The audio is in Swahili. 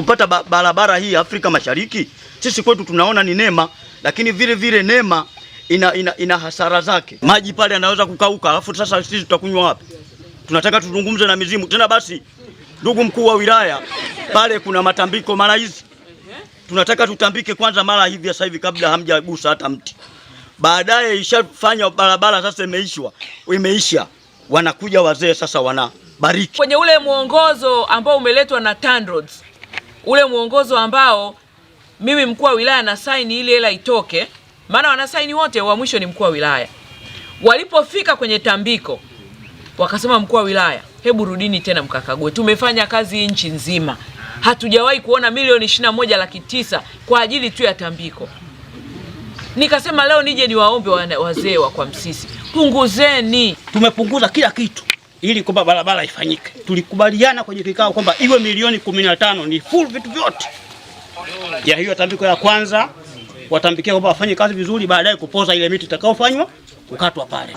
kupata ba barabara hii Afrika Mashariki, sisi kwetu tunaona ni neema, lakini vile vile neema ina, ina, ina hasara zake. Maji pale yanaweza kukauka, alafu sasa sisi tutakunywa wapi? Tunataka tuzungumze na mizimu tena. Basi ndugu mkuu wa wilaya, pale kuna matambiko mara hizi, tunataka tutambike kwanza mara hivi sasa hivi kabla hamjagusa hata mti, baadaye ishafanya barabara sasa imeishwa, imeisha, wanakuja wazee sasa wanabariki kwenye ule mwongozo ambao umeletwa na TANROADS ule mwongozo ambao mimi mkuu wa wilaya na saini ile hela itoke, maana wanasaini wote, wa mwisho ni mkuu wa wilaya. Walipofika kwenye tambiko, wakasema mkuu wa wilaya, hebu rudini tena mkakague, tumefanya kazi nchi nzima, hatujawahi kuona milioni ishirini na moja laki tisa kwa ajili tu ya tambiko. Nikasema leo nije niwaombe wazee wa kwa Msisi, punguzeni. Tumepunguza kila kitu ili kwamba barabara ifanyike. Tulikubaliana kwenye kikao kwamba iwe milioni kumi na tano ni full vitu vyote ya hiyo tambiko ya kwanza, watambikia kwamba wafanye kazi vizuri, baadaye kupoza ile miti itakayofanywa kukatwa pale.